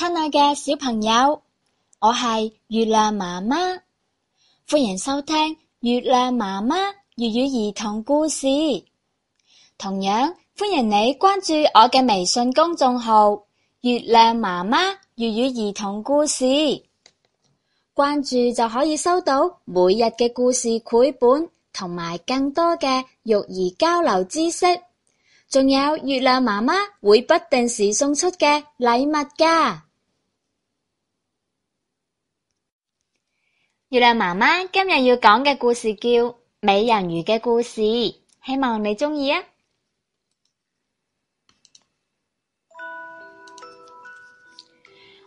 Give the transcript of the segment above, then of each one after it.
親愛嘅小朋友，我係月亮媽媽，歡迎收聽月亮媽媽粵語兒童故事。同樣歡迎你關注我嘅微信公眾號《月亮媽媽粵語兒童故事》，關注就可以收到每日嘅故事繪本同埋更多嘅育兒交流知識，仲有月亮媽媽會不定時送出嘅禮物噶。月亮媽媽今日要講嘅故事叫《美人魚嘅故事》，希望你鍾意啊！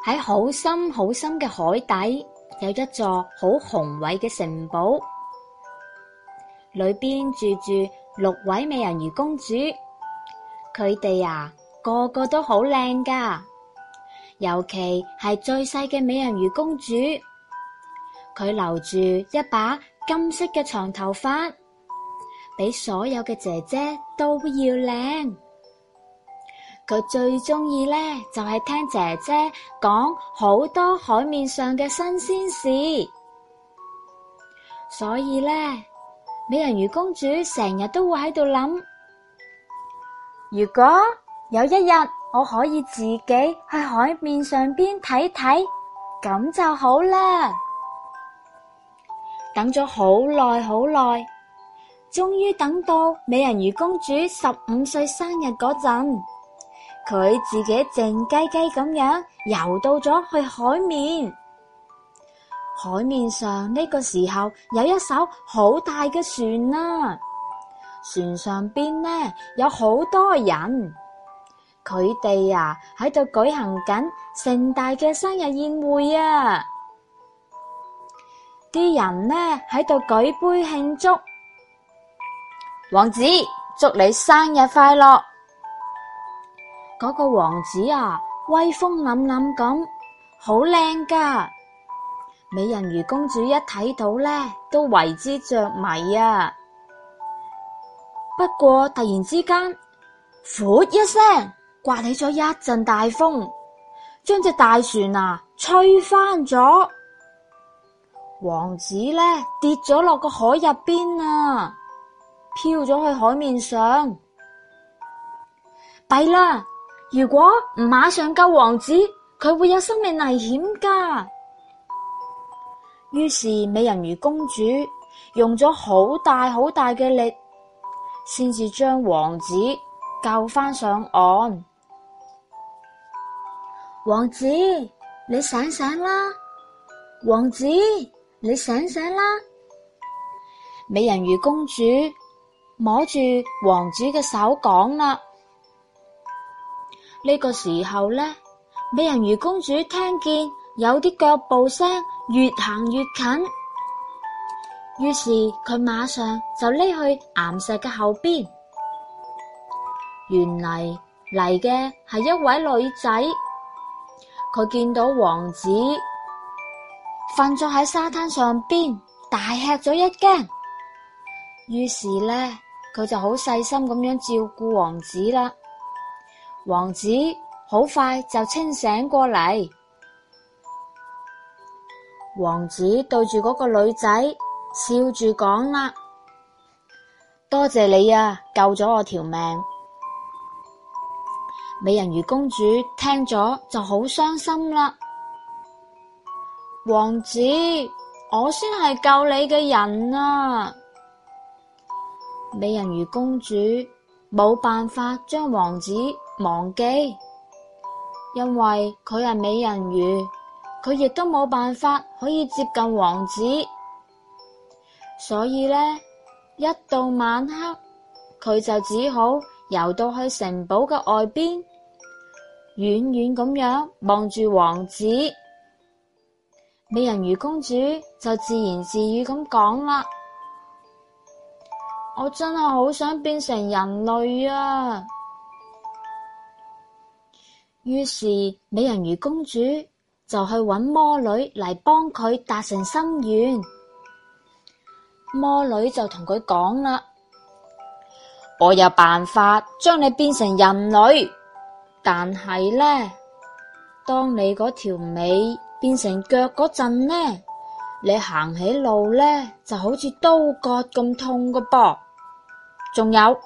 喺好深好深嘅海底，有一座好宏偉嘅城堡，裏邊住住六位美人魚公主，佢哋啊個個都好靚噶，尤其係最細嘅美人魚公主。佢留住一把金色嘅長頭髮，比所有嘅姐姐都要靚。佢最中意咧，就係聽姐姐講好多海面上嘅新鮮事。所以咧，美人魚公主成日都會喺度諗：如果有一日我可以自己去海面上邊睇睇，咁就好啦。等咗好耐，好耐，終於等到美人魚公主十五歲生日嗰陣，佢自己靜雞雞咁樣游到咗去海面。海面上呢個時候有一艘好大嘅船啦啊，船上邊呢有好多人，佢哋呀喺度舉行緊盛大嘅生日宴會啊！啲人呢喺度舉杯慶祝，王子祝你生日快樂。嗰個王子啊，威風凜凜咁，好靚噶！美人魚公主一睇到呢，都為之着迷啊！不過突然之間，噗一聲颳起咗一陣大風，將隻大船啊吹翻咗。王子咧跌咗落個海入邊啊，飄咗去海面上。弊啦！如果唔馬上救王子，佢會有生命危險㗎。於是美人魚公主用咗好大好大嘅力，先至將王子救返上岸。王子，你醒醒啦！王子。你醒醒啦，美人魚公主摸住王子嘅手講啦。呢個時候咧，美人魚公主聽見有啲腳步聲越行越近，於是佢馬上就匿去岩石嘅後邊。原嚟嚟嘅係一位女仔，佢見到王子瞓咗喺沙灘上邊，大吃咗一驚。於是呢，佢就好細心咁樣照顧王子啦。王子好快就清醒過嚟。王子對住嗰個女仔笑住講啦：「多謝你啊，救咗我條命。」美人魚公主聽咗就好傷心啦。王子，我先係救你嘅人啊！美人魚公主冇辦法將王子忘記，因為佢係美人魚，佢亦都冇辦法可以接近王子。所以呢，一到晚黑，佢就只好游到去城堡嘅外邊，遠遠咁樣望住王子。美人魚公主就自言自語咁講啦：我真係好想變成人類啊！於是美人魚公主就去揾魔女嚟幫佢達成心願。魔女就同佢講啦：我有辦法將你變成人類，但係呢，當你嗰條尾。變成腳嗰陣呢，你行起路呢就好似刀割咁痛嘅噃。仲有，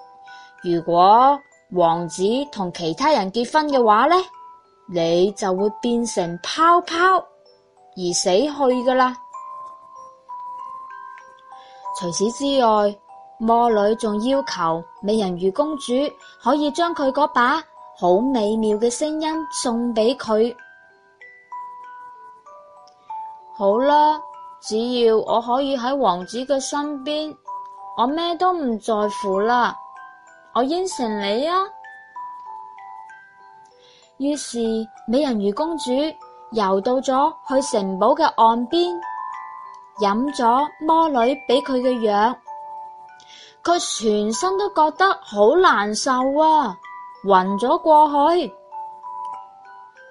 如果王子同其他人結婚嘅話呢，你就會變成泡泡而死去噶啦。除此之外，魔女仲要求美人魚公主可以將佢嗰把好美妙嘅聲音送俾佢。好啦，只要我可以喺王子嘅身邊，我咩都唔在乎啦，我應承你啊。於是美人魚公主游到咗去城堡嘅岸邊，飲咗魔女俾佢嘅藥，佢全身都覺得好難受啊，暈咗過去，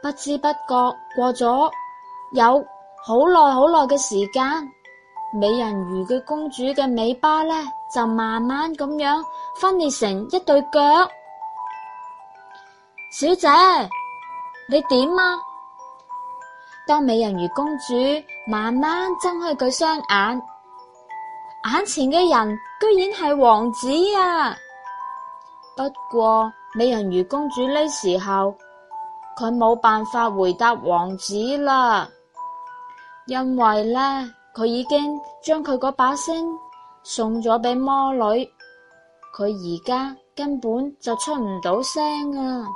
不知不覺過咗有。好耐好耐嘅時間，美人魚嘅公主嘅尾巴呢，就慢慢咁樣分裂成一對腳。 小姐，你點啊？當美人魚公主慢慢睜開佢雙眼，眼前嘅人居然係王子啊！不過美人魚公主呢時候，佢冇辦法回答王子啦。因為呢，佢已經將佢嗰把聲送咗俾魔女，佢而家根本就出唔到聲啊！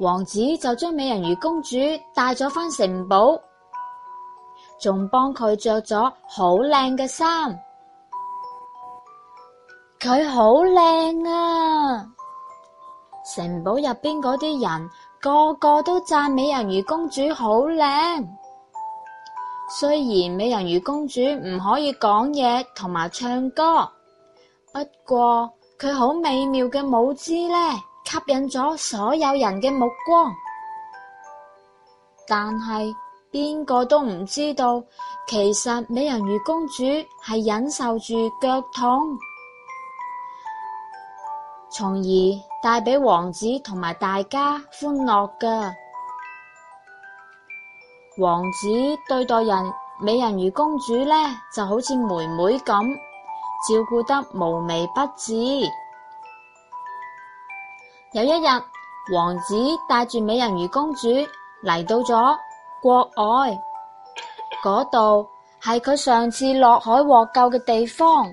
王子就將美人魚公主帶咗返城堡，仲幫佢着咗好靚嘅衫。佢好靚啊！城堡入邊嗰啲人。個個都讚美人魚公主好靚，雖然美人魚公主唔可以講嘢同埋唱歌，不過佢好美妙嘅舞姿呢，吸引咗所有人嘅目光。但係邊個都唔知道，其實美人魚公主係忍受住腳痛，從而。帶畀王子同埋大家歡樂嘅。王子對待人美人魚公主呢，就好似妹妹咁照顧得無微不至。有一日，王子帶住美人魚公主嚟到咗國外，嗰度係佢上次落海獲救嘅地方。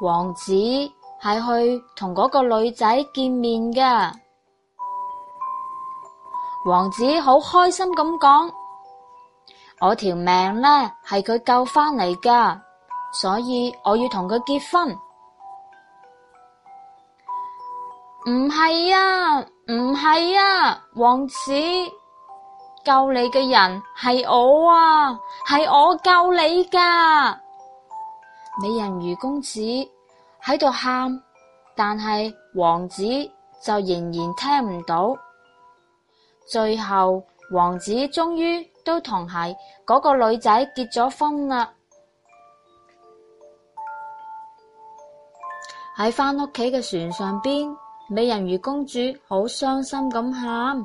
王子。係去同嗰個女仔見面噶，王子好開心咁講：我條命呢，係佢救翻嚟噶，所以我要同佢結婚。唔係啊，唔係啊，王子，救你嘅人係我啊，係我救你噶，美人魚公主。喺度喊，但係王子就仍然聽唔到。最後，王子終於都同係嗰個女仔結咗婚啦。喺返屋企嘅船上邊，美人魚公主好傷心咁喊。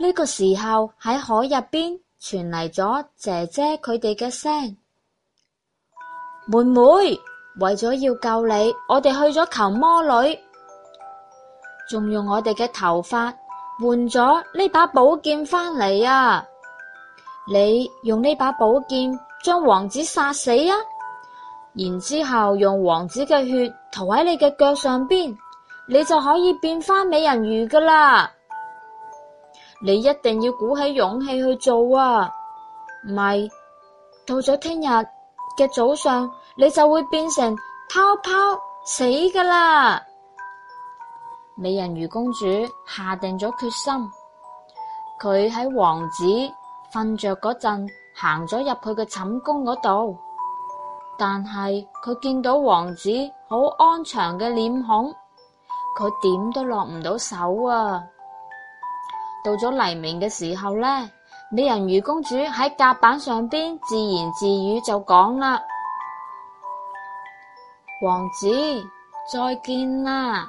呢個時候，喺海入邊傳嚟咗姐姐佢哋嘅聲， 妹妹！為咗要救你，我哋去咗求魔女，仲用我哋嘅頭髮換咗呢把寶劍返嚟啊！你用呢把寶劍將王子殺死啊！然之後用王子嘅血塗喺你嘅腳上邊，你就可以變返美人魚噶啦！你一定要鼓起勇氣去做啊！唔係到咗聽日嘅早上。你就會變成泡泡死噶啦！美人魚公主下定咗決心，佢喺王子瞓着嗰陣行咗入佢嘅寢宮嗰度，但係佢見到王子好安詳嘅臉孔，佢點都落唔到手啊！到咗黎明嘅時候咧，美人魚公主喺甲板上邊自言自語就講啦。王子，再見啦！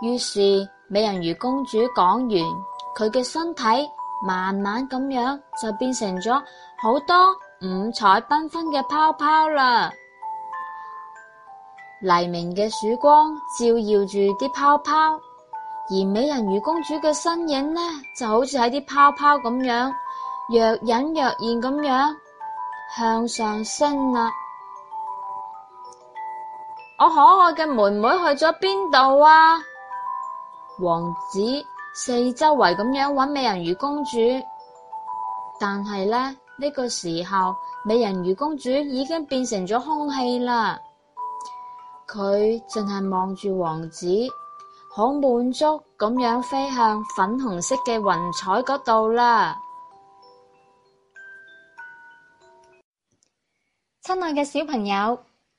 於是美人魚公主講完，佢嘅身體慢慢咁樣就變成咗好多五彩繽紛嘅泡泡啦。黎明嘅曙光照耀住啲泡泡，而美人魚公主嘅身影呢，就好似喺啲泡泡咁樣，若隱若現咁樣向上升啦。我可愛嘅妹妹去咗邊度啊！王子四周圍咁樣揾美人魚公主，但係咧呢，呢個時候，美人魚公主已經變成咗空氣啦。佢淨係望住王子，好滿足咁樣飛向粉紅色嘅雲彩嗰度啦。親愛嘅小朋友。